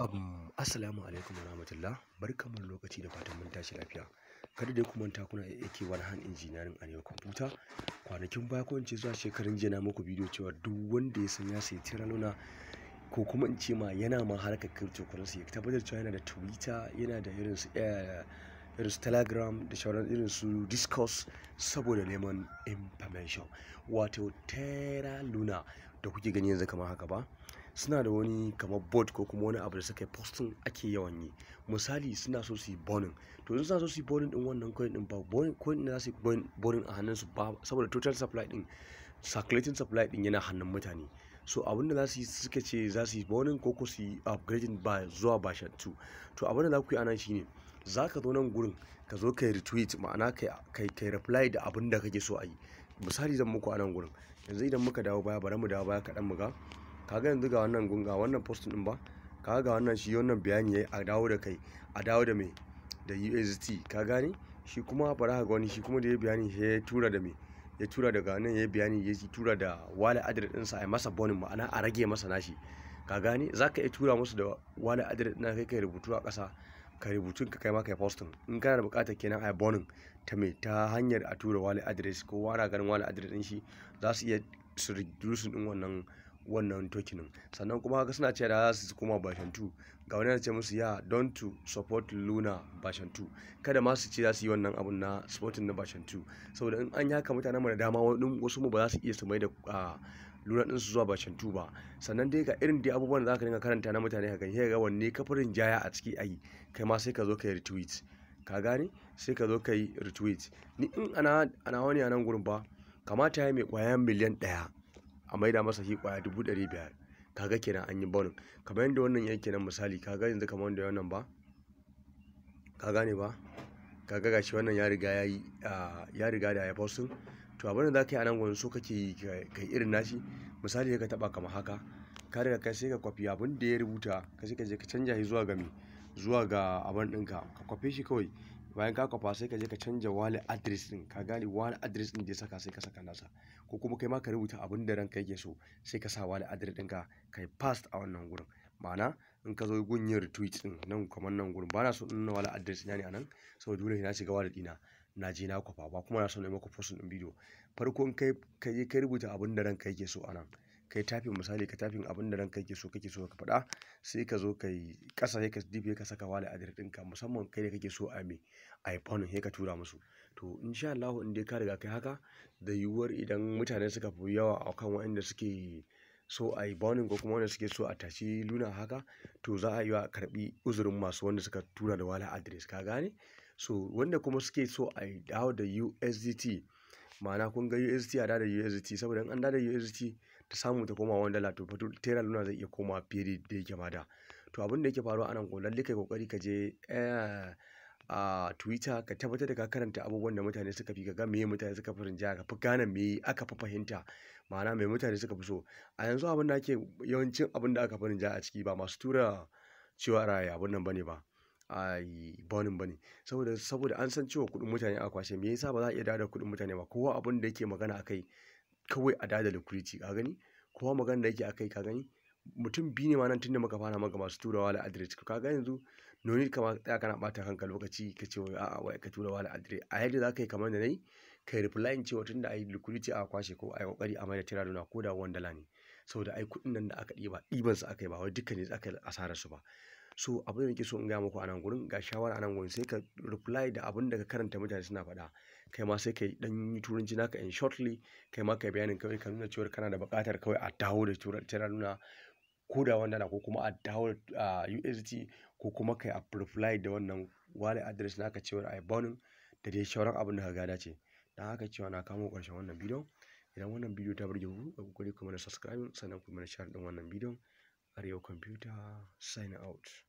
Um, assalamu alaikum wa rahmatullah barkamu da lokaci da fatan mun tashi lafiya kada dai ku manta kuna yake wani hand engineering a yau kwamfuta kwanakin baya ko zuwa shekarun jiya na muku bidiyo cewa duk wanda ya san ya sayi Terra Luna ko kuma in ce ma yana ma harkar cryptocurrency ya tabbatar cewa yana da Twitter yana da irin su eh, irin su Telegram da shauran irin su Discourse saboda neman information wato Tera Luna da kuke gani yanzu kamar haka ba suna da wani kamar board ko kuma wani abu da suka yi posting ake yawan yi misali suna so su yi burning to in suna so su yi burning din wannan coin din ba coin din za su yi burning a hannun su ba saboda total supply din circulating supply din yana hannun mutane so abin da za su yi suka ce za su yi burning ko ko su yi upgrading ba zuwa ba tu to abin da za ku yi anan shine za ka zo nan gurin ka zo kai retweet ma'ana kai kai reply da abin da kake so a yi misali zan muku anan gurin yanzu idan muka dawo baya bari mu dawo baya kaɗan mu ga kaga yanzu ga wannan ga wannan post din ba kaga ga wannan shi wannan bayani yayi a dawo da kai a dawo da me da UST ka gane shi kuma bara ka ga wani shi kuma da ya bayani shi ya tura da me ya tura daga nan ya bayani ya tura da wallet address sa a masa bonin ma'ana a rage masa nashi ka gane za ka iya tura musu da wallet address ɗin kai kai rubutu a ƙasa ka rubutun ka kai ma kai postin in kana da bukatar kenan a bonin ta me ta hanyar a tura wallet address ko wara ganin wallet address ɗin shi za su iya su reduce ɗin wannan wannan tokinin sannan kuma haka suna cewa da za su koma version 2 ga wani ce musu ya don to support luna version kada ma su ce za su yi wannan abun na supporting na version 2 saboda in an yaka mutanen mu da dama wasu mu ba za su iya su mai da luna din su zuwa bashin ba sannan dai ga irin dai abubuwan da za ka dinga karanta na mutane ka gani ga wanne kafirin jaya a ciki ayi kai ma sai ka zo kai retweet ka gane sai ka zo kai retweet ni in ana wani a nan gurin ba kamata ya mai kwayan miliyan ɗaya a maida masa shi kwaya dubu ɗari biyar kaga kenan an yi bonin kamar yadda wannan yake nan misali kaga yanzu kamar wanda wannan ba ka gane ba kaga gashi wannan ya riga da ya fosin to abin da za ka yi a nan gwanin so kake yi kai irin nashi misali ka taba kama haka ka riga kai sai ka kwafi abin da ya rubuta ka sai ka je ka canja shi zuwa ga me zuwa ga abin ɗinka ka kwafe shi kawai bayan ka kwafa sai ka je ka canja wale adres din ka gane wale adres din da ya saka sai ka saka nasa ko kuma kai ma ka rubuta abin da ranka yake so sai ka sa wale address ɗinka ka yi past a wannan gurin ma'ana in ka zo gun yin retweet din nan kamar nan gurin ba na so in wale adres address ne a nan saboda dole na shiga wale ɗina na je na kwafa ba kuma na so na yi maka posting bidiyo farko in kai ka rubuta abin da ranka yake so anan. kai tafin misali ka tafin abin da ranka yake so kake so ka faɗa sai ka zo kai ƙasa sai ka dibe ka saka wale address ɗinka musamman kai da kake so a mai iPhone sai ka tura musu to insha Allah in dai ka riga kai haka da yiwuwar idan mutane suka fi yawa a kan waɗanda suke so a yi bonin ko kuma wanda suke so a tashi luna haka to za a yi wa karbi uzurin masu wanda suka tura da wala adres ka gane so wanda kuma suke so a yi dawo da USDT ma'ana kun ga USDT a da USDT saboda an da USDT ta samu ta koma wani dala to fa tera luna zai iya koma fiye da yake ma da to abin da yake faruwa anan ko lalle kai kokari ka je eh, a twitter ka tabbatar da ka karanta abubuwan da mutane suka fi ga meye mutane suka fi rinjaya ka fi gane me aka fi fahimta ma'ana me mutane suka fi so a yanzu abin da ake yawancin abin da aka fi rinjaya a ciki ba masu tura cewa raya abin nan bane ba ai bonin bane saboda saboda an san cewa kudin mutane a kwashe me yasa ba za a iya dawo da kudin mutane ba kowa abin da yake magana akai kawai a dada likuriti ka gani kowa magana da yake akai ka gani mutum biyu ne ma nan tunda muka fara maka masu turawa da address ka ga yanzu Noni kama tsaya kana bata kanka lokaci ka ce wai a'a wai ka tura wala address a yadda zaka yi kamar da nayi kai replying cewa tunda ai likuriti a kwashe ko ai kokari a maida tira dona ko da wanda ne saboda ai kuɗin nan da aka ɗiba ɗiban su aka yi ba wai dukkan ne aka yi asarar su ba so abin da nake so in gaya muku a nan gurin ga shawara a nan gurin sai ka reply da abin da ka karanta mutane suna faɗa kai ma sai ka yi ɗan yi turanci ka in shortly kai ma ka yi bayanin kawai ka nuna cewar kana da buƙatar kawai a dawo da ta nuna ko da na ko kuma a dawo da USD ko kuma kai a reply da wannan wallet address naka cewar a bonin da dai shauran abin da ka gada ce don haka cewa na kamo ƙarshen wannan bidiyon idan wannan bidiyo ta burge ku ga kokari kuma na subscribe sannan kuma na share din wannan bidiyon arewa computer sign out